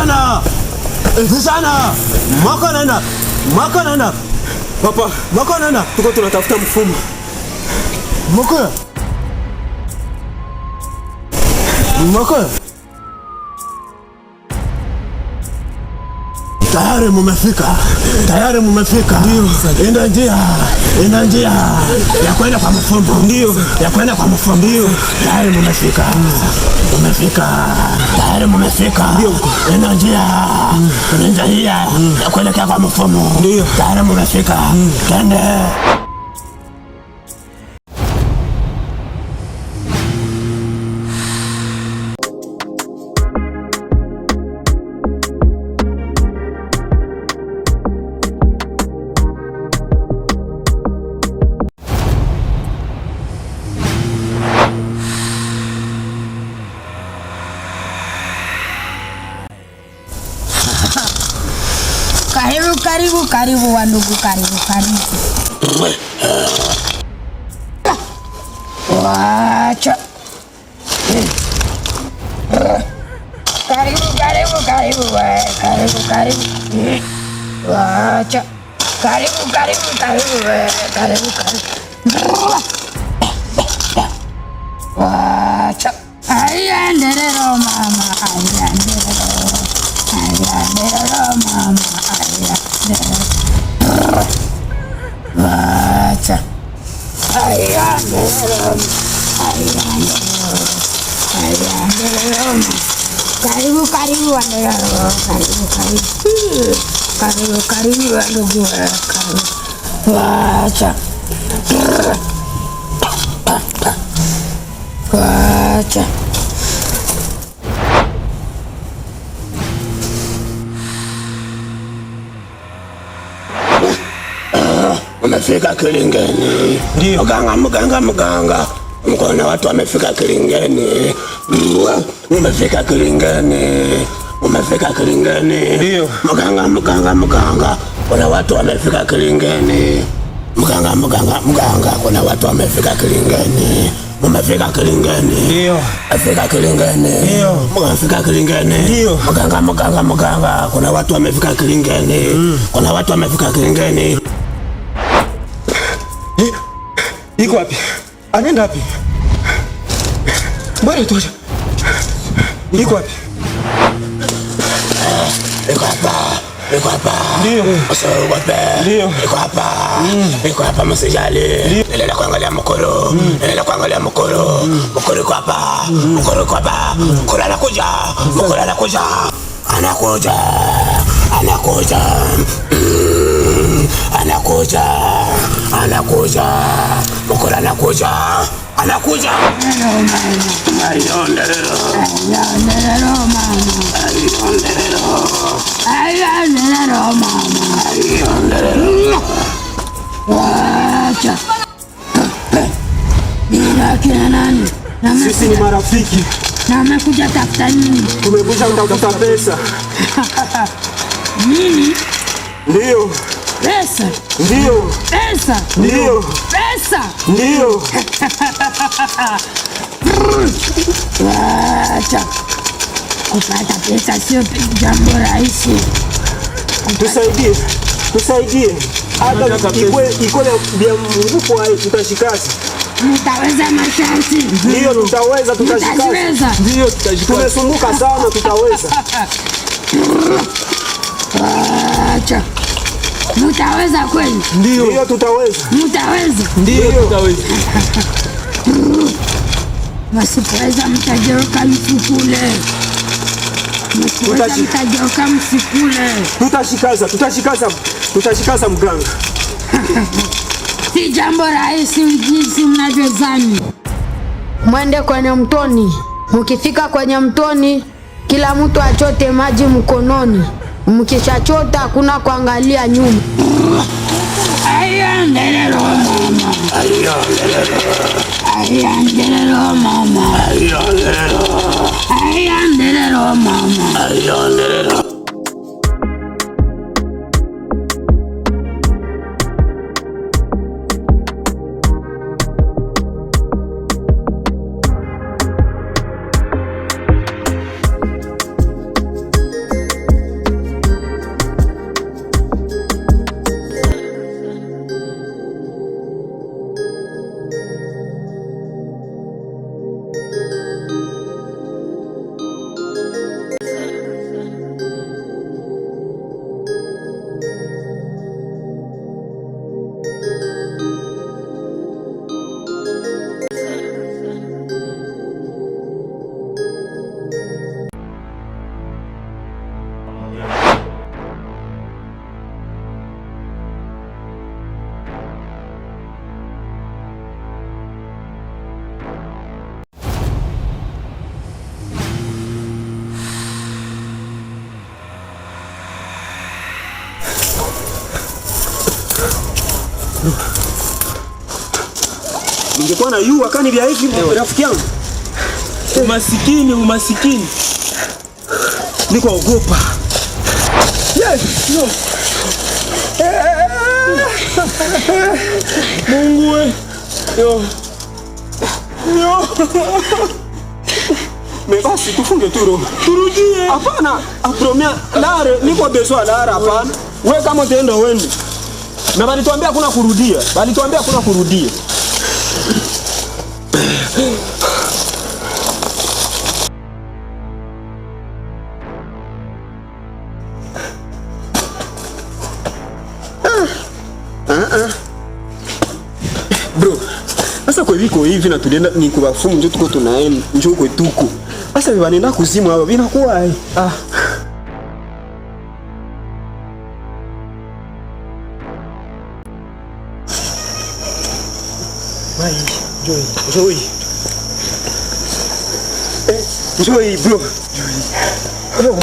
Sana! Sana! Mwako nana! makan anak Papa, mwako nana! Tuko tunatafuta mfumo. Mwako! Mwako! Tayari mumefika, tayari mumefika. Ndio, enda njia, enda njia ya kwenda kwa mfumbo. Ndio, ya kwenda kwa mfumbo. Ndio, tayari mumefika, mumefika, tayari mumefika. Ndio, enda njia, enda njia ya kwenda kwa mfumbo. Ndio, tayari mumefika, twende. Karibu, karibu wandugu, karibu, karibu. Wacha. Karibu, karibu, karibu, karibu, karibu. Wacha. Karibu, karibu, karibu, karibu, karibu. Karibu karibu karibu karibu, wadogo karibu, wacha wacha Umefika Kilingeni? Ndio. Mganga, mganga, mganga, mkaona watu wamefika Kilingeni. Umefika Kilingeni umefika Kilingeni. Ndio. Mganga, mganga, mganga, kuna watu wamefika Kilingeni. Mganga, mganga, mganga, kuna watu wamefika Kilingeni. Mumefika Kilingeni. Ndio. Afika Kilingeni. Ndio. Mumefika Kilingeni. Ndio. Mganga, mganga, mganga, kuna watu wamefika Kilingeni. Mm. Kuna watu wamefika Kilingeni. Iko wapi? Anaenda wapi? Bora tu. Iko wapi? Niko hapa msijali, endelea kuangalia mkoro, endelea mm. kuangalia mkoro, mkoro mm. iko hapa, mkoro mm. iko hapa, mkoro anakuja, mkoro anakuja, anakuja, anakuja, anakuja, anakuja, mkoro anakuja, anakuja Wacha sisi ni marafiki na amekuja tafuta nini? Tumekuja kutafuta pesa. Nini? Ndio pesa, ndio pesa, ndio pesa, ndio. Wacha Kupata pesa sio jambo rahisi. Tusaidie, tusaidie hata ikole vya mzunguko hai, tutashikazi Mtaweza masharti. Ndio tutaweza, tutashikaza. Ndio tutashikaza. Tumesumbuka sana, tutaweza. Acha. Mtaweza kweli? Ndio tutaweza. Mtaweza. Ndio tutaweza. Wasipoweza mtajeruka mfukule tutashikaza, tutashikaza, tutashikaza mganga. Si jambo rahisi jinsi mnavyozani. Mwende kwenye mtoni, mukifika kwenye mtoni kila mtu achote maji mkononi, mkishachota hakuna kuangalia nyuma. mama. Ay, yo, Ningekuwa na yua kani vya hivi rafiki yangu. Umasikini, umasikini. Niko ogopa. Yes, no. Mungu we. Yo. Yo. Mebasi tufunge tu roho. Turudie. Hapana, apromia lare, niko besoin lare hapana. Wewe kama utaenda wende na balituambia hakuna kurudia, balituambia hakuna kurudia. Bro, viko hivi na tulienda ni kubafumu, njo tuko tunaenda, njo kwetuko sasa, vanenda kuzimu hapa vinakuwa ah Joy, Joy. Joy bro.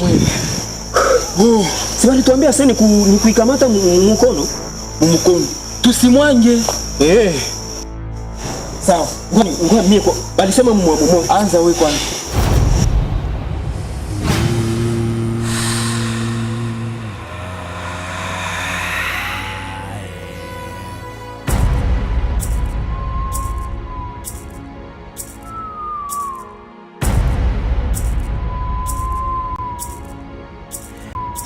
Oh, si bali tuambia sasa ni kuikamata mkono, mkono. Tusimwange. Eh. Sawa. Ngoja mimi kwa. Bali sema mwamumo. Anza wewe kwanza.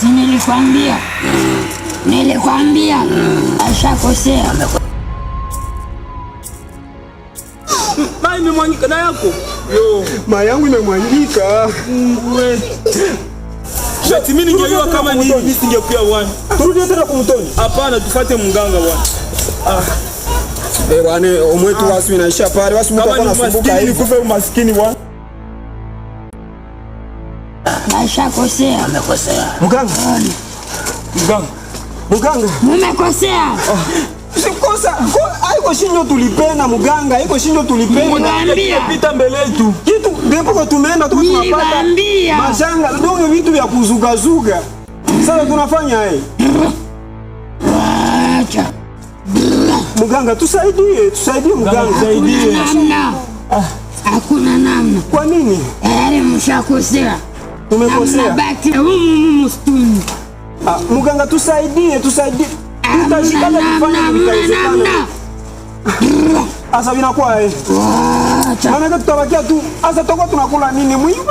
Si nilikwambia, nilikwambia ashakosea. Mai imemwangika na yako mai yangu imemwangika. Shati mimi ningeliwa kama nini, nisingekuwa wana. Turudi tena kwa Hapana, tufuate mganga bwana. Ah. Eh, bwana, omwetu ah. wasi inaisha pale. Wasi mtu anasumbuka hivi. Nikufe umaskini bwana. Ashakosea. Amekosea. Mganga. Mganga. Mganga. Mmekosea. Ah, Sikosa, haiko shindo tulipena mganga, haiko shindo tulipena. pita mbele yetu. Kitu ndipo tumeenda tuko tunapata. Majanga, ndio vitu vya kuzugazuga. Sasa tunafanya hii. Eh? Acha. Mganga tusaidie, tusaidie mganga, tusaidie. Ah. Hakuna namna. Kwa nini? Yaani mshakosea. Tumekosea. Ah, mganga tusaidie, tusaidie. Tutashikana tufanye vikawezekana. Asa vinakuwa eh. Maana tutabakia tu. Asa tutakuwa tunakula nini mwivu?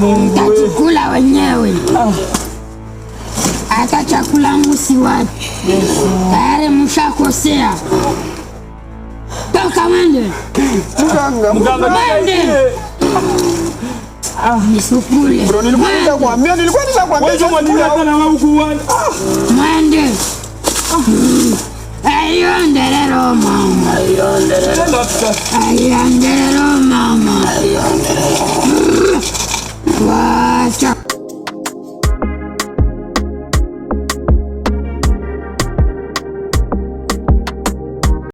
Mtakula wenyewe. Hata ah. chakula musi wapi. Tayari mshakosea. Toka mwende. Mganga, mganga. Mwende. Ah, ah, ah, mama.